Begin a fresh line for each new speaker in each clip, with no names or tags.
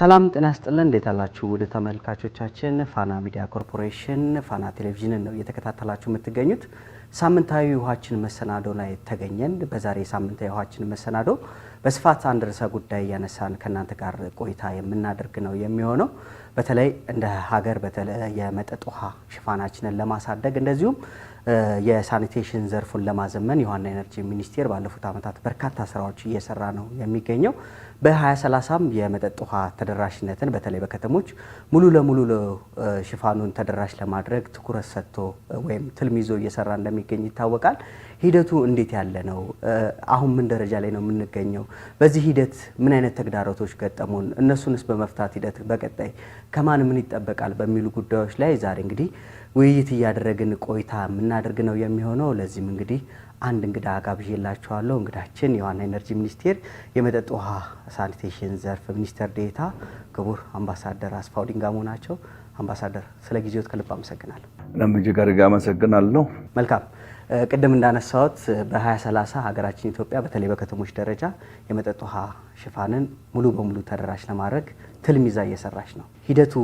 ሰላም ጤና ስጥልን። እንዴት አላችሁ? ወደ ተመልካቾቻችን ፋና ሚዲያ ኮርፖሬሽን ፋና ቴሌቪዥንን ነው እየተከታተላችሁ የምትገኙት። ሳምንታዊ ውሃችን መሰናዶ ላይ ተገኘን። በዛሬ ሳምንታዊ ውሃችን መሰናዶ በስፋት አንድ ርዕሰ ጉዳይ እያነሳን ከእናንተ ጋር ቆይታ የምናደርግ ነው የሚሆነው። በተለይ እንደ ሀገር በተለይ የመጠጥ ውሃ ሽፋናችንን ለማሳደግ እንደዚሁም የሳኒቴሽን ዘርፉን ለማዘመን የውሃና ኤነርጂ ሚኒስቴር ባለፉት ዓመታት በርካታ ስራዎች እየሰራ ነው የሚገኘው። በ2030ም የመጠጥ ውሃ ተደራሽነትን በተለይ በከተሞች ሙሉ ለሙሉ ሽፋኑን ተደራሽ ለማድረግ ትኩረት ሰጥቶ ወይም ትልም ይዞ እየሰራ እንደሚገኝ ይታወቃል። ሂደቱ እንዴት ያለ ነው? አሁን ምን ደረጃ ላይ ነው የምንገኘው? በዚህ ሂደት ምን አይነት ተግዳሮቶች ገጠሙን? እነሱንስ በመፍታት ሂደት በቀጣይ ከማን ምን ይጠበቃል? በሚሉ ጉዳዮች ላይ ዛሬ እንግዲህ ውይይት እያደረግን ቆይታ የምናደርግ ነው የሚሆነው። ለዚህም እንግዲህ አንድ እንግዳ ጋብዤላችኋለሁ። እንግዳችን የዋና ኢነርጂ ሚኒስቴር የመጠጥ ውሃ ሳኒቴሽን ዘርፍ ሚኒስትር ዴኤታ ክቡር አምባሳደር አስፋው ዲንጋሞ ናቸው። አምባሳደር ስለ ጊዜዎት ከልብ አመሰግናለሁ።
እም ጋር አመሰግናለሁ።
መልካም ቅድም እንዳነሳሁት በ2030 ሀገራችን ኢትዮጵያ በተለይ በከተሞች ደረጃ የመጠጥ ውሃ ሽፋንን ሙሉ በሙሉ ተደራሽ ለማድረግ ትልም ይዛ እየሰራች ነው። ሂደቱ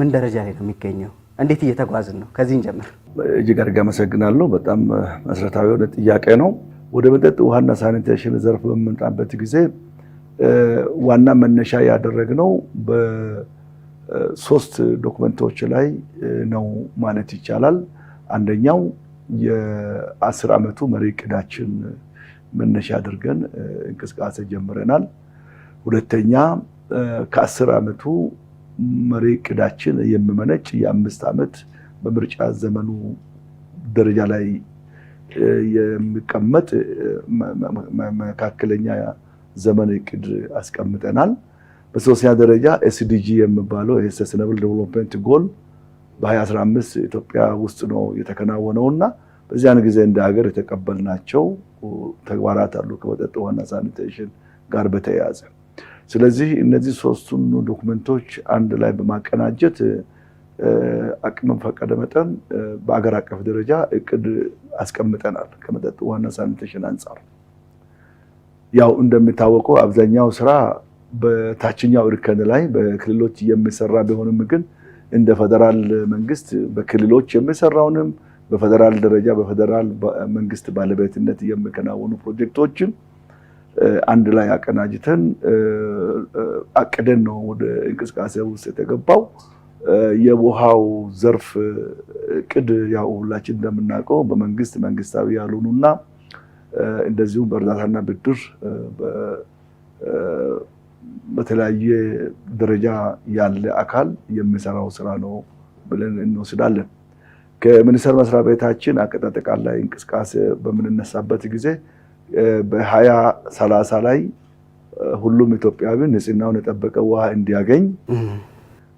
ምን ደረጃ ላይ ነው የሚገኘው? እንዴት እየተጓዝን ነው? ከዚህን ጀምር።
እጅግ አድርጌ አመሰግናለሁ። በጣም መሰረታዊ የሆነ ጥያቄ ነው። ወደ መጠጥ ውሃና ሳኒቴሽን ዘርፍ በምንጣበት ጊዜ ዋና መነሻ ያደረግነው በሶስት ዶክመንቶች ላይ ነው ማለት ይቻላል። አንደኛው የአስር ዓመቱ መሪ ቅዳችን መነሻ አድርገን እንቅስቃሴ ጀምረናል። ሁለተኛ ከአስር ዓመቱ መሪ እቅዳችን የሚመነጭ የአምስት ዓመት በምርጫ ዘመኑ ደረጃ ላይ የሚቀመጥ መካከለኛ ዘመን እቅድ አስቀምጠናል። በሶስተኛ ደረጃ ኤስዲጂ የሚባለው የሰስተነብል ዴቨሎፕመንት ጎል በ2015 ኢትዮጵያ ውስጥ ነው የተከናወነው እና በዚያን ጊዜ እንደ ሀገር የተቀበልናቸው ተግባራት አሉ ከመጠጥ ዋና ሳኒቴሽን ጋር በተያያዘ ስለዚህ እነዚህ ሶስቱን ዶክመንቶች አንድ ላይ በማቀናጀት አቅምን ፈቀደ መጠን በአገር አቀፍ ደረጃ እቅድ አስቀምጠናል። ከመጠጥ ዋና ሳኒቴሽን አንጻር ያው እንደሚታወቀው አብዛኛው ስራ በታችኛው እርከን ላይ በክልሎች የሚሰራ ቢሆንም ግን እንደ ፌደራል መንግስት በክልሎች የሚሰራውንም በፌደራል ደረጃ በፌደራል መንግስት ባለቤትነት የሚከናወኑ ፕሮጀክቶችን አንድ ላይ አቀናጅተን አቅደን ነው ወደ እንቅስቃሴ ውስጥ የተገባው። የውሃው ዘርፍ እቅድ ያው ሁላችን እንደምናውቀው በመንግስት መንግስታዊ ያልሆኑና እንደዚሁም በእርዳታና ብድር በተለያየ ደረጃ ያለ አካል የሚሰራው ስራ ነው ብለን እንወስዳለን። ከሚኒስቴር መስሪያ ቤታችን አጠቃላይ እንቅስቃሴ በምንነሳበት ጊዜ በሀያ ሰላሳ ላይ ሁሉም ኢትዮጵያዊ ንጽህናውን የጠበቀ ውሃ እንዲያገኝ፣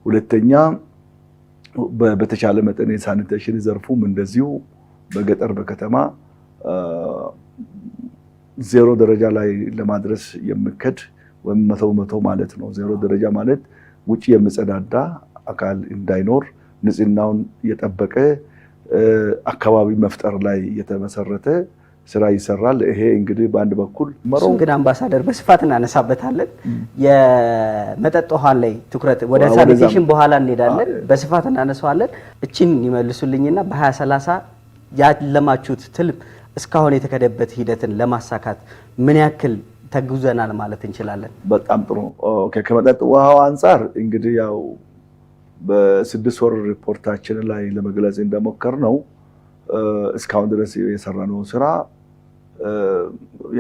ሁለተኛ በተቻለ መጠን የሳኒቴሽን ዘርፉም እንደዚሁ በገጠር በከተማ ዜሮ ደረጃ ላይ ለማድረስ የምከድ ወይም መቶ መቶ ማለት ነው። ዜሮ ደረጃ ማለት ውጭ የሚጸዳዳ አካል እንዳይኖር ንጽህናውን የጠበቀ አካባቢ መፍጠር ላይ የተመሰረተ ስራ ይሰራል። ይሄ እንግዲህ በአንድ በኩል መሮም
ግን አምባሳደር በስፋት እናነሳበታለን። የመጠጥ ውሃ ላይ ትኩረት ወደ ሳኒቴሽን በኋላ እንሄዳለን፣ በስፋት እናነሳዋለን። እችን ይመልሱልኝና በ2030 ያለማችሁት ትልም እስካሁን የተከደበት ሂደትን ለማሳካት ምን ያክል ተጉዘናል ማለት እንችላለን?
በጣም ጥሩ። ከመጠጥ ውሃው አንጻር እንግዲህ ያው በስድስት ወር ሪፖርታችን ላይ ለመግለጽ እንደሞከር ነው እስካሁን ድረስ የሰራነው ስራ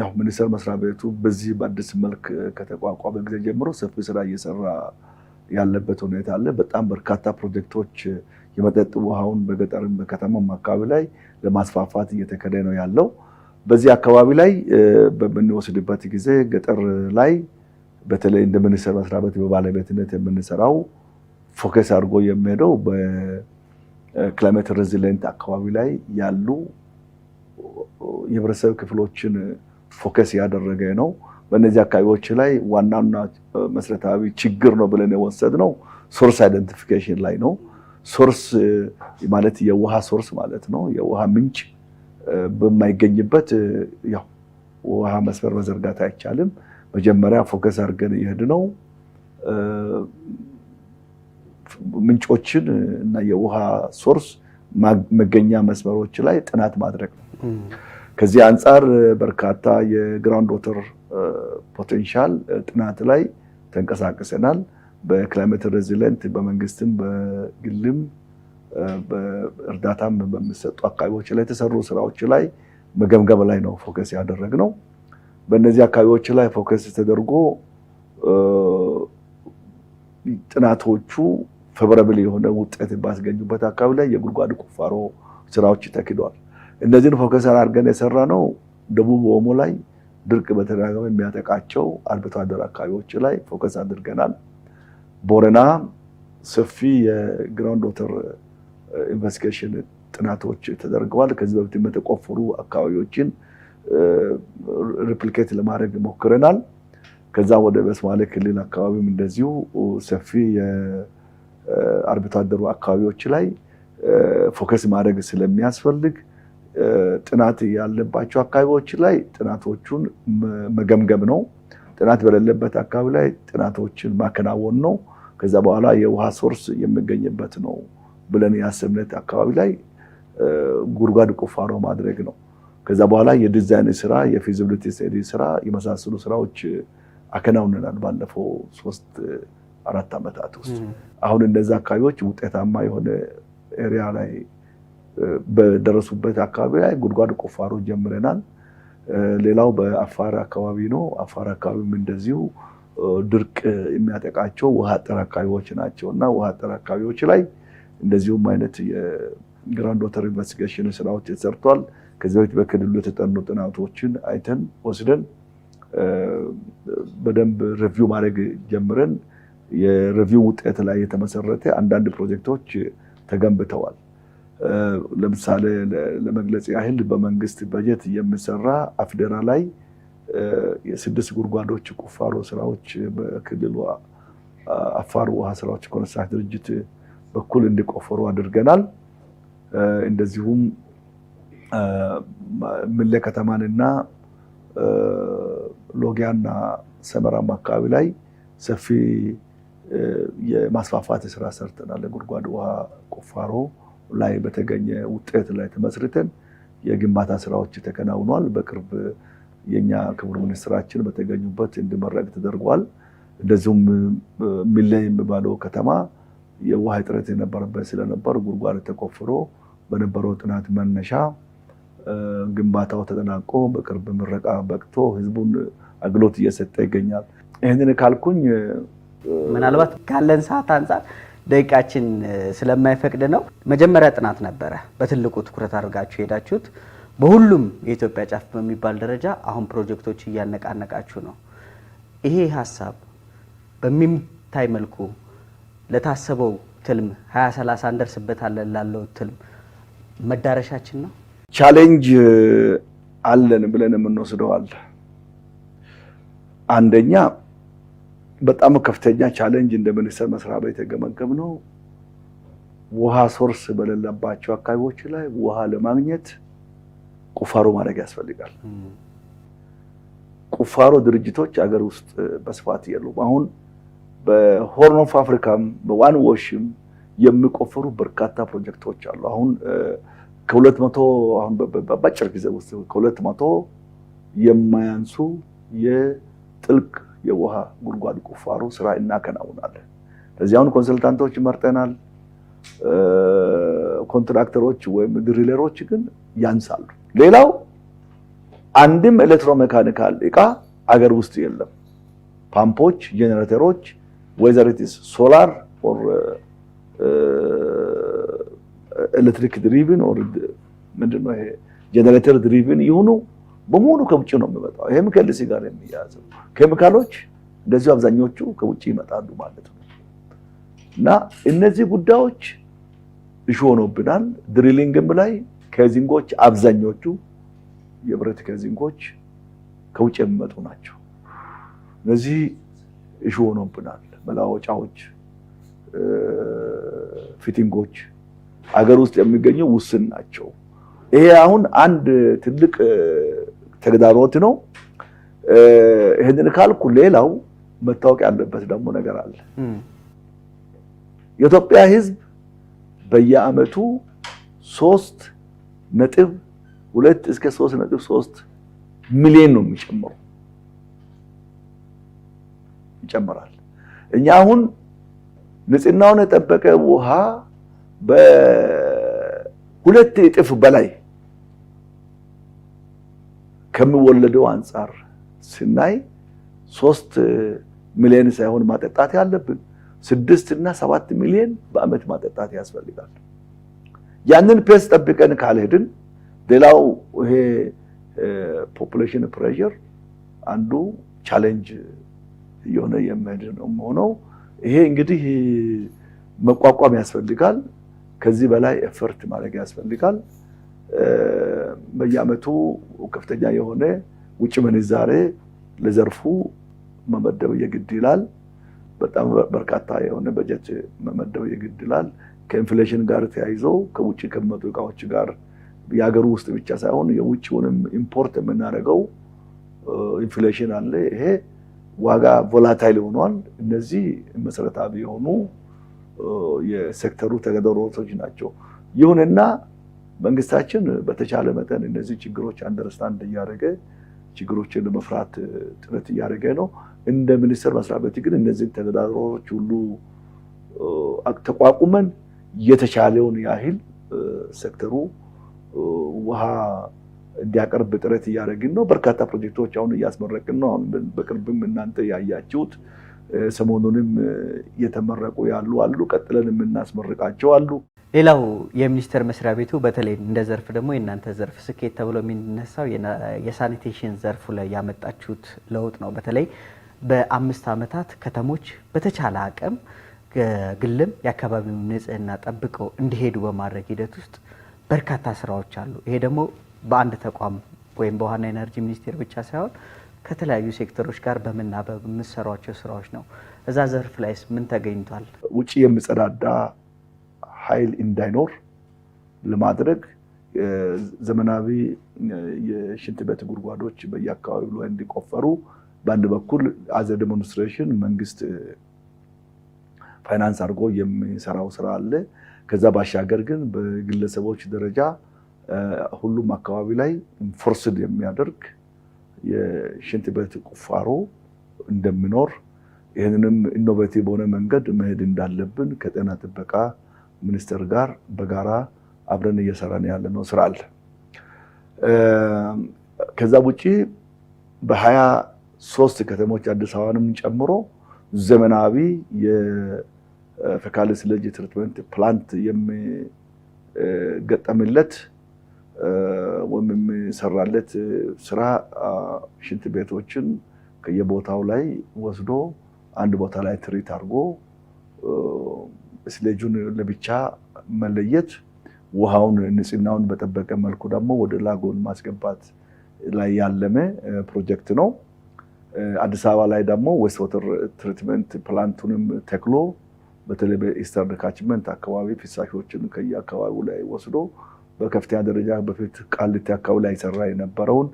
ያው ሚኒስቴር መስሪያ ቤቱ በዚህ በአዲስ መልክ ከተቋቋመ ጊዜ ጀምሮ ሰፊ ስራ እየሰራ ያለበት ሁኔታ አለ። በጣም በርካታ ፕሮጀክቶች የመጠጥ ውሃውን በገጠርም በከተማም አካባቢ ላይ ለማስፋፋት እየተከደ ነው ያለው። በዚህ አካባቢ ላይ በምንወስድበት ጊዜ ገጠር ላይ በተለይ እንደ ሚኒስቴር መስሪያ ቤት በባለቤትነት የምንሰራው ፎከስ አድርጎ የሚሄደው በክላይሜት ሬዚሊየንት አካባቢ ላይ ያሉ የህብረተሰብ ክፍሎችን ፎከስ ያደረገ ነው። በእነዚህ አካባቢዎች ላይ ዋናና መሰረታዊ ችግር ነው ብለን የወሰድነው ሶርስ አይደንቲፊኬሽን ላይ ነው። ሶርስ ማለት የውሃ ሶርስ ማለት ነው። የውሃ ምንጭ በማይገኝበት ያው ውሃ መስመር መዘርጋት አይቻልም። መጀመሪያ ፎከስ አድርገን የሄድነው ምንጮችን እና የውሃ ሶርስ መገኛ መስመሮች ላይ ጥናት ማድረግ ነው። ከዚህ አንጻር በርካታ የግራውንድ ወተር ፖቴንሻል ጥናት ላይ ተንቀሳቅሰናል። በክላይሜት ሬዚለንት በመንግስትም በግልም እርዳታም በሚሰጡ አካባቢዎች ላይ የተሰሩ ስራዎች ላይ መገምገም ላይ ነው ፎከስ ያደረግነው። በእነዚህ አካባቢዎች ላይ ፎከስ ተደርጎ ጥናቶቹ ፌቨራብል የሆነ ውጤት ባስገኙበት አካባቢ ላይ የጉድጓድ ቁፋሮ ስራዎች ተኪደዋል። እነዚህን ፎከስ አድርገን የሰራ ነው። ደቡብ ኦሞ ላይ ድርቅ በተደጋጋሚ የሚያጠቃቸው አርብቶ አደር አካባቢዎች ላይ ፎከስ አድርገናል። ቦረና ሰፊ የግራውንድ ወተር ኢንቨስቲጌሽን ጥናቶች ተደርገዋል። ከዚህ በፊት የተቆፈሩ አካባቢዎችን ሪፕሊኬት ለማድረግ ሞክረናል። ከዛ ወደ በሶማሌ ክልል አካባቢም እንደዚሁ ሰፊ የአርብቶ አደሩ አካባቢዎች ላይ ፎከስ ማድረግ ስለሚያስፈልግ ጥናት ያለባቸው አካባቢዎች ላይ ጥናቶቹን መገምገም ነው። ጥናት በሌለበት አካባቢ ላይ ጥናቶችን ማከናወን ነው። ከዛ በኋላ የውሃ ሶርስ የሚገኝበት ነው ብለን የአሰብነት አካባቢ ላይ ጉድጓድ ቁፋሮ ማድረግ ነው። ከዛ በኋላ የዲዛይን ስራ፣ የፊዚቢሊቲ ስቴዲ ስራ የመሳሰሉ ስራዎች አከናውንናል ባለፈው ሶስት አራት ዓመታት ውስጥ አሁን እነዚ አካባቢዎች ውጤታማ የሆነ ኤሪያ ላይ በደረሱበት አካባቢ ላይ ጉድጓድ ቁፋሮ ጀምረናል። ሌላው በአፋር አካባቢ ነው። አፋር አካባቢም እንደዚሁ ድርቅ የሚያጠቃቸው ውሃ አጠር አካባቢዎች ናቸው እና ውሃ አጠር አካባቢዎች ላይ እንደዚሁም አይነት የግራንድ ወተር ኢንቨስቲጌሽን ስራዎች ተሰርቷል። ከዚህ በፊት በክልሉ የተጠኑ ጥናቶችን አይተን ወስደን በደንብ ሪቪው ማድረግ ጀምረን የሪቪው ውጤት ላይ የተመሰረተ አንዳንድ ፕሮጀክቶች ተገንብተዋል። ለምሳሌ ለመግለጽ ያህል በመንግስት በጀት የሚሰራ አፍደራ ላይ የስድስት ጉድጓዶች ቁፋሮ ስራዎች በክልሉ አፋር ውሃ ስራዎች ኮንስትራክሽን ድርጅት በኩል እንዲቆፈሩ አድርገናል። እንደዚሁም ምሌ ከተማንና ሎጊያና ሰመራም አካባቢ ላይ ሰፊ የማስፋፋት ስራ ሰርተናል። ለጉድጓድ ውሃ ቁፋሮ ላይ በተገኘ ውጤት ላይ ተመስርተን የግንባታ ስራዎች ተከናውኗል። በቅርብ የኛ ክቡር ሚኒስትራችን በተገኙበት እንዲመረቅ ተደርጓል። እንደዚሁም ሚሌ የሚባለው ከተማ የውሃ እጥረት የነበረበት ስለነበር ጉድጓድ ተቆፍሮ በነበረው ጥናት መነሻ ግንባታው ተጠናቆ በቅርብ ምረቃ በቅቶ ህዝቡን አገልግሎት እየሰጠ ይገኛል። ይህንን ካልኩኝ
ምናልባት ካለን ሰዓት አንጻር ደቂቃችን ስለማይፈቅድ ነው። መጀመሪያ ጥናት ነበረ በትልቁ ትኩረት አድርጋችሁ ሄዳችሁት። በሁሉም የኢትዮጵያ ጫፍ በሚባል ደረጃ አሁን ፕሮጀክቶች እያነቃነቃችሁ ነው። ይሄ ሀሳብ በሚታይ መልኩ ለታሰበው ትልም 2030 እንደርስበታለን ላለው ትልም መዳረሻችን ነው።
ቻሌንጅ አለን ብለን የምንወስደዋል አንደኛ በጣም ከፍተኛ ቻለንጅ እንደ ሚኒስቴር መስሪያ ቤት ነው። ውሃ ሶርስ በሌለባቸው አካባቢዎች ላይ ውሃ ለማግኘት ቁፋሮ ማድረግ ያስፈልጋል። ቁፋሮ ድርጅቶች አገር ውስጥ በስፋት የሉም። አሁን በሆርን ኦፍ አፍሪካም በዋን ወሽም የሚቆፈሩ በርካታ ፕሮጀክቶች አሉ። አሁን ከሁለት መቶ አሁን በአጭር ጊዜ ውስጥ ከሁለት መቶ የማያንሱ የጥልቅ የውሃ ጉድጓድ ቁፋሮ ስራ እናከናውናለን። ለዚያውን ኮንሰልታንቶች መርጠናል። ኮንትራክተሮች ወይም ድሪለሮች ግን ያንሳሉ። ሌላው አንድም ኤሌክትሮሜካኒካል እቃ አገር ውስጥ የለም። ፓምፖች፣ ጄኔሬተሮች ወይዘር ሶላር ኦር ኤሌክትሪክ ድሪቪን ኦር ይሄ ጄኔሬተር ድሪቭን ይሁኑ በሙሉ ከውጭ ነው የሚመጣው። ይህም ከልሲ ጋር የሚያያዘው ኬሚካሎች እንደዚሁ አብዛኞቹ ከውጭ ይመጣሉ ማለት ነው እና እነዚህ ጉዳዮች እሺ ሆኖብናል። ድሪሊንግም ላይ ከዚንጎች አብዛኞቹ የብረት ከዚንጎች ከውጭ የሚመጡ ናቸው። እነዚህ እሺ ሆኖብናል። መለዋወጫዎች፣ ፊቲንጎች አገር ውስጥ የሚገኙ ውስን ናቸው። ይሄ አሁን አንድ ትልቅ ተግዳሮት ነው። ይህንን ካልኩ ሌላው መታወቅ ያለበት ደግሞ ነገር አለ። የኢትዮጵያ ሕዝብ በየአመቱ ሶስት ነጥብ ሁለት እስከ ሶስት ነጥብ ሶስት ሚሊዮን ነው የሚጨምሩ ይጨምራል። እኛ አሁን ንጽህናውን የጠበቀ ውሃ በሁለት እጥፍ በላይ ከሚወለደው አንጻር ስናይ ሶስት ሚሊዮን ሳይሆን ማጠጣት ያለብን ስድስት እና ሰባት ሚሊዮን በአመት ማጠጣት ያስፈልጋል። ያንን ፔስ ጠብቀን ካልሄድን ሌላው ይሄ ፖፑሌሽን ፕሬሸር አንዱ ቻሌንጅ የሆነ የሚሄድ ነው የሆነው። ይሄ እንግዲህ መቋቋም ያስፈልጋል። ከዚህ በላይ ኤፈርት ማድረግ ያስፈልጋል። በየአመቱ ከፍተኛ የሆነ ውጭ ምንዛሬ ለዘርፉ መመደብ የግድ ይላል። በጣም በርካታ የሆነ በጀት መመደብ የግድ ይላል። ከኢንፍሌሽን ጋር ተያይዞ ከውጭ ከመጡ እቃዎች ጋር የሀገሩ ውስጥ ብቻ ሳይሆን የውጭውንም ኢምፖርት የምናደርገው ኢንፍሌሽን አለ። ይሄ ዋጋ ቮላታይል ሆኗል። እነዚህ መሰረታዊ የሆኑ የሴክተሩ ተገዳሮቶች ናቸው። ይሁንና መንግስታችን በተቻለ መጠን እነዚህ ችግሮች አንደርስታንድ እያደረገ ችግሮችን ለመፍራት ጥረት እያደረገ ነው። እንደ ሚኒስቴር መስሪያ ቤት ግን እነዚህ ተገዳሮች ሁሉ ተቋቁመን የተቻለውን ያህል ሴክተሩ ውሃ እንዲያቀርብ ጥረት እያደረግን ነው። በርካታ ፕሮጀክቶች አሁን እያስመረቅን ነው። አሁን በቅርብም እናንተ ያያችሁት ሰሞኑንም እየተመረቁ ያሉ አሉ። ቀጥለን የምናስመርቃቸው አሉ።
ሌላው የሚኒስቴር መስሪያ ቤቱ በተለይ እንደ ዘርፍ ደግሞ የእናንተ ዘርፍ ስኬት ተብሎ የሚነሳው የሳኒቴሽን ዘርፉ ላይ ያመጣችሁት ለውጥ ነው። በተለይ በአምስት ዓመታት ከተሞች በተቻለ አቅም ግልም የአካባቢውን ንጽህና ጠብቀው እንዲሄዱ በማድረግ ሂደት ውስጥ በርካታ ስራዎች አሉ። ይሄ ደግሞ በአንድ ተቋም ወይም በውሃና ኤነርጂ ሚኒስቴር ብቻ ሳይሆን ከተለያዩ ሴክተሮች ጋር በምናበብ የምትሰሯቸው ስራዎች ነው። እዛ ዘርፍ ላይስ ምን ተገኝቷል?
ውጭ የምጸዳዳ ኃይል እንዳይኖር ለማድረግ ዘመናዊ የሽንት ቤት ጉድጓዶች በየአካባቢው ላይ እንዲቆፈሩ በአንድ በኩል አዘ ዴሞንስትሬሽን መንግስት ፋይናንስ አድርጎ የሚሰራው ስራ አለ። ከዛ ባሻገር ግን በግለሰቦች ደረጃ ሁሉም አካባቢ ላይ ፎርስድ የሚያደርግ የሽንት ቤት ቁፋሮ እንደሚኖር ይህንንም ኢኖቬቲቭ በሆነ መንገድ መሄድ እንዳለብን ከጤና ጥበቃ ሚኒስቴር ጋር በጋራ አብረን እየሰራን ነው ስራ አለ። ከዛ ውጭ በሀያ ሶስት ከተሞች አዲስ አበባንም ጨምሮ ዘመናዊ የፌካል ስለጅ ትሪትመንት ፕላንት የሚገጠምለት ወይም የሚሰራለት ስራ ሽንት ቤቶችን ከየቦታው ላይ ወስዶ አንድ ቦታ ላይ ትሪት አድርጎ ስለ እጁን ለብቻ መለየት፣ ውሃውን ንጽህናውን በጠበቀ መልኩ ደግሞ ወደ ላጎን ማስገባት ላይ ያለመ ፕሮጀክት ነው። አዲስ አበባ ላይ ደግሞ ዌስት ወተር ትሪትመንት ፕላንቱንም ተክሎ በተለይ በኢስተርን ካችመንት አካባቢ ፍሳሾችን ከየአካባቢው ላይ ወስዶ በከፍተኛ ደረጃ በፊት ቃሊቲ አካባቢ ላይ ሰራ የነበረውን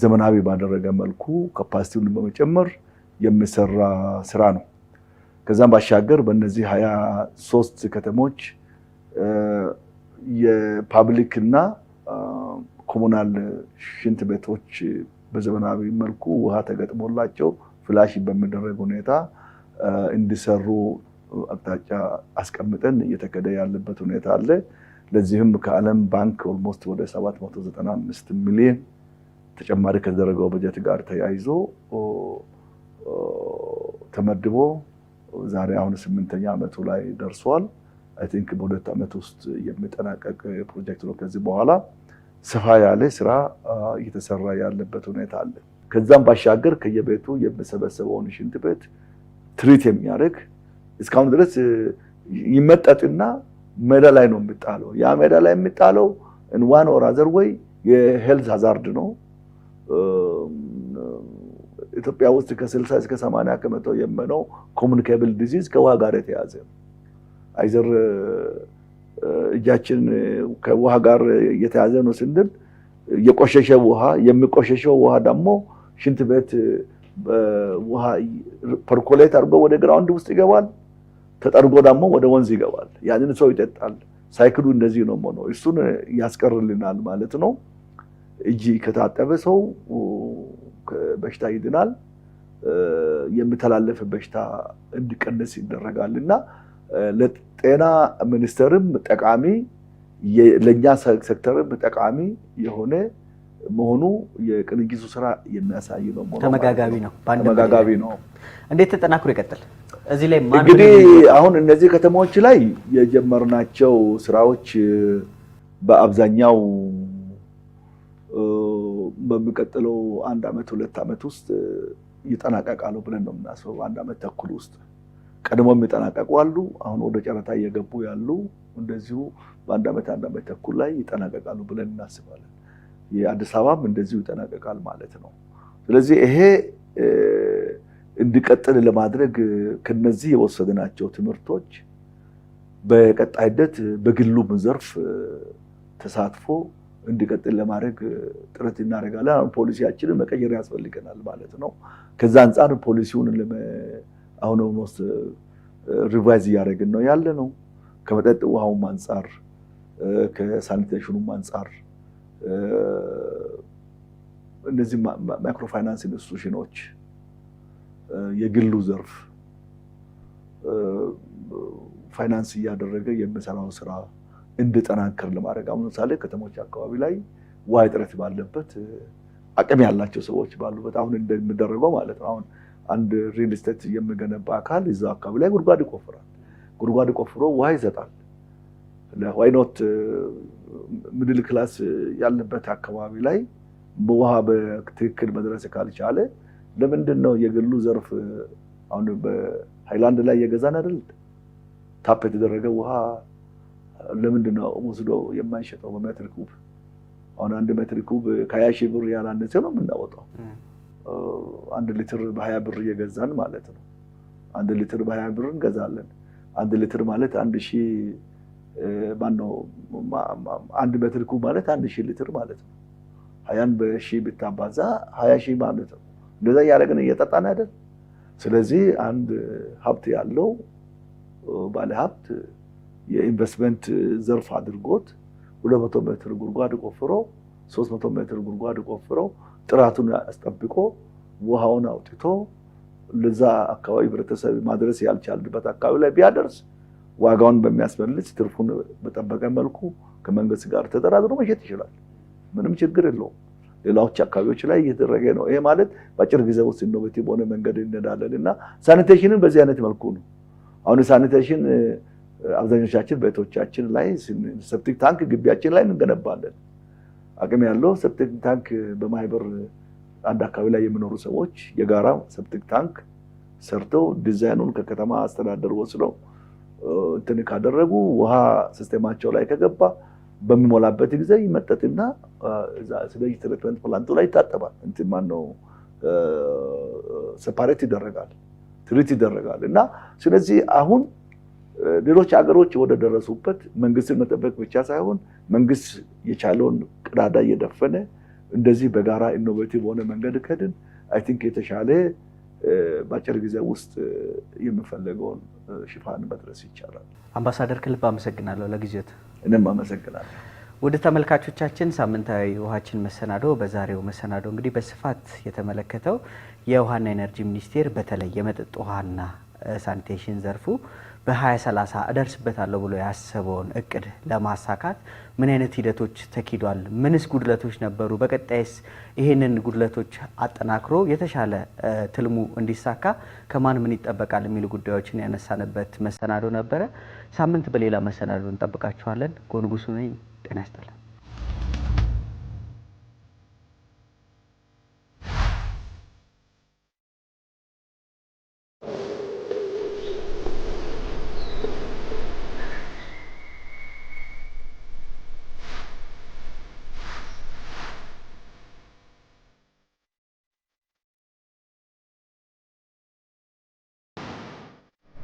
ዘመናዊ ባደረገ መልኩ ካፓሲቲውን በመጨመር የሚሰራ ስራ ነው። ከዛም ባሻገር በእነዚህ ሀያ ሶስት ከተሞች የፓብሊክ እና ኮሙናል ሽንት ቤቶች በዘመናዊ መልኩ ውሃ ተገጥሞላቸው ፍላሽ በሚደረግ ሁኔታ እንዲሰሩ አቅጣጫ አስቀምጠን እየተከደ ያለበት ሁኔታ አለ። ለዚህም ከዓለም ባንክ ኦልሞስት ወደ 795 ሚሊዮን ተጨማሪ ከተደረገው በጀት ጋር ተያይዞ ተመድቦ ዛሬ አሁን ስምንተኛ ዓመቱ ላይ ደርሷል። አይ ቲንክ በሁለት ዓመት ውስጥ የሚጠናቀቅ ፕሮጀክት ነው። ከዚህ በኋላ ሰፋ ያለ ስራ እየተሰራ ያለበት ሁኔታ አለ። ከዛም ባሻገር ከየቤቱ የሚሰበሰበውን ሽንት ቤት ትሪት የሚያደርግ እስካሁን ድረስ ይመጠጥና ሜዳ ላይ ነው የሚጣለው። ያ ሜዳ ላይ የሚጣለው እንዋን ኦር አዘር ወይ የሄልዝ ሀዛርድ ነው ኢትዮጵያ ውስጥ ከ60 እስከ 80 ከመቶ የሚሆነው ኮሚኒኬብል ዲዚዝ ከውሃ ጋር የተያዘ አይዘር እጃችን ከውሃ ጋር የተያዘ ነው ስንል የቆሸሸ ውሃ የሚቆሸሸው ውሃ ደግሞ ሽንት ቤት ውሃ ፐርኮሌት አድርጎ ወደ ግራውንድ ውስጥ ይገባል። ተጠርጎ ደግሞ ወደ ወንዝ ይገባል። ያንን ሰው ይጠጣል። ሳይክሉ እንደዚህ ነው እሱን ያስቀርልናል ማለት ነው። እጅ ከታጠበ ሰው በሽታ ይድናል። የሚተላለፍ በሽታ እንዲቀንስ ይደረጋል እና ለጤና ሚኒስቴርም ጠቃሚ ለእኛ ሴክተርም ጠቃሚ የሆነ መሆኑ የቅንጅቱ ስራ የሚያሳይ ነው።
ተመጋጋቢ ነው፣ ተመጋጋቢ ነው። እንዴት ተጠናክሮ ይቀጥል? እዚህ ላይ
እንግዲህ አሁን እነዚህ ከተማዎች ላይ የጀመርናቸው ስራዎች በአብዛኛው በሚቀጥለው አንድ ዓመት ሁለት ዓመት ውስጥ ይጠናቀቃሉ ብለን ነው የምናስበው። አንድ ዓመት ተኩል ውስጥ ቀድሞ የሚጠናቀቁ አሉ። አሁን ወደ ጨረታ እየገቡ ያሉ እንደዚሁ በአንድ ዓመት አንድ ዓመት ተኩል ላይ ይጠናቀቃሉ ብለን እናስባለን። የአዲስ አበባም እንደዚሁ ይጠናቀቃል ማለት ነው። ስለዚህ ይሄ እንዲቀጥል ለማድረግ ከነዚህ የወሰድናቸው ትምህርቶች በቀጣይነት በግሉም ዘርፍ ተሳትፎ እንዲቀጥል ለማድረግ ጥረት እናደርጋለን። ፖሊሲያችንን መቀየር ያስፈልገናል ማለት ነው። ከዛ አንጻር ፖሊሲውን አሁን ኦልሞስት ሪቫይዝ እያደረግን ነው ያለ ነው። ከመጠጥ ውሃውም አንጻር ከሳኒቴሽኑም አንጻር እነዚህ ማይክሮፋይናንስ ኢንስቲቱሽኖች የግሉ ዘርፍ ፋይናንስ እያደረገ የሚሰራው ስራ እንድጠናክር ለማድረግ አሁን ለምሳሌ ከተሞች አካባቢ ላይ ውሃ እጥረት ባለበት አቅም ያላቸው ሰዎች ባሉበት አሁን እንደሚደረገው ማለት ነው። አሁን አንድ ሪል ስቴት የሚገነባ አካል እዛው አካባቢ ላይ ጉድጓድ ይቆፍራል። ጉድጓድ ቆፍሮ ውሃ ይሰጣል። ለዋይኖት ሚድል ክላስ ያለበት አካባቢ ላይ በውሃ በትክክል መድረስ ካልቻለ ለምንድን ነው የግሉ ዘርፍ አሁን በሃይላንድ ላይ የገዛን አይደል? ታፕ የተደረገ ውሃ ለምንድን ነው ወስዶ የማይሸጠው በሜትር ኩብ? አሁን አንድ ሜትር ኩብ ከሀያ ሺህ ብር ያላነሰ ነው የምናወጣው። አንድ ሊትር በሀያ ብር እየገዛን ማለት ነው። አንድ ሊትር በሀያ ብር እንገዛለን። አንድ ሊትር ማለት አንድ ሺህ ማነው፣ አንድ ሜትር ኩብ ማለት አንድ ሺህ ሊትር ማለት ነው። ሀያን በሺህ ብታባዛ ሀያ ሺህ ማለት ነው። እንደዛ እያደረግን እየጠጣን አይደል? ስለዚህ አንድ ሀብት ያለው ባለ ሀብት የኢንቨስትመንት ዘርፍ አድርጎት ሁለት መቶ ሜትር ጉድጓድ ቆፍሮ ሶስት መቶ ሜትር ጉድጓድ ቆፍሮ ጥራቱን አስጠብቆ ውሃውን አውጥቶ ለዛ አካባቢ ህብረተሰብ ማድረስ ያልቻልበት አካባቢ ላይ ቢያደርስ ዋጋውን በሚያስመልስ ትርፉን በጠበቀ መልኩ ከመንግስት ጋር ተደራድሮ መሸጥ ይችላል። ምንም ችግር የለውም። ሌላዎች አካባቢዎች ላይ እየተደረገ ነው። ይሄ ማለት በአጭር ጊዜ ውስጥ ኢኖቬቲቭ በሆነ መንገድ እንሄዳለን እና ሳኒቴሽንን በዚህ አይነት መልኩ ነው አሁን ሳኒቴሽን አብዛኞቻችን ቤቶቻችን ላይ ሰፕቲክ ታንክ ግቢያችን ላይ እንገነባለን። አቅም ያለው ሰፕቲክ ታንክ በማህበር አንድ አካባቢ ላይ የሚኖሩ ሰዎች የጋራ ሰፕቲክ ታንክ ሰርተው ዲዛይኑን ከከተማ አስተዳደር ወስደው እንትን ካደረጉ ውሃ ሲስቴማቸው ላይ ከገባ በሚሞላበት ጊዜ ይመጠጥና ስለዚህ ትሪትመንት ፕላንቱ ላይ ይታጠባል። እንትን ማነው ሰፓሬት ይደረጋል፣ ትሪት ይደረጋል እና ስለዚህ አሁን ሌሎች ሀገሮች ወደ ደረሱበት መንግስትን መጠበቅ ብቻ ሳይሆን መንግስት የቻለውን ቅዳዳ እየደፈነ እንደዚህ በጋራ ኢኖቬቲቭ በሆነ መንገድ ከድን አይ ቲንክ የተሻለ በአጭር ጊዜ ውስጥ የምፈለገውን ሽፋን መድረስ ይቻላል።
አምባሳደር ክልብ አመሰግናለሁ ለጊዜት።
እኔም አመሰግናለሁ።
ወደ ተመልካቾቻችን ሳምንታዊ ውሃችን መሰናዶ በዛሬው መሰናዶ እንግዲህ በስፋት የተመለከተው የውሃና ኤነርጂ ሚኒስቴር በተለይ የመጠጥ ውሃና ሳኒቴሽን ዘርፉ በ2030 እደርስበታለሁ ብሎ ያሰበውን እቅድ ለማሳካት ምን አይነት ሂደቶች ተኪዷል? ምንስ ጉድለቶች ነበሩ? በቀጣይስ ይህንን ጉድለቶች አጠናክሮ የተሻለ ትልሙ እንዲሳካ ከማን ምን ይጠበቃል? የሚሉ ጉዳዮችን ያነሳንበት መሰናዶ ነበረ። ሳምንት በሌላ መሰናዶ እንጠብቃችኋለን። ጎንጉሱ ነኝ። ጤና ይስጥልን።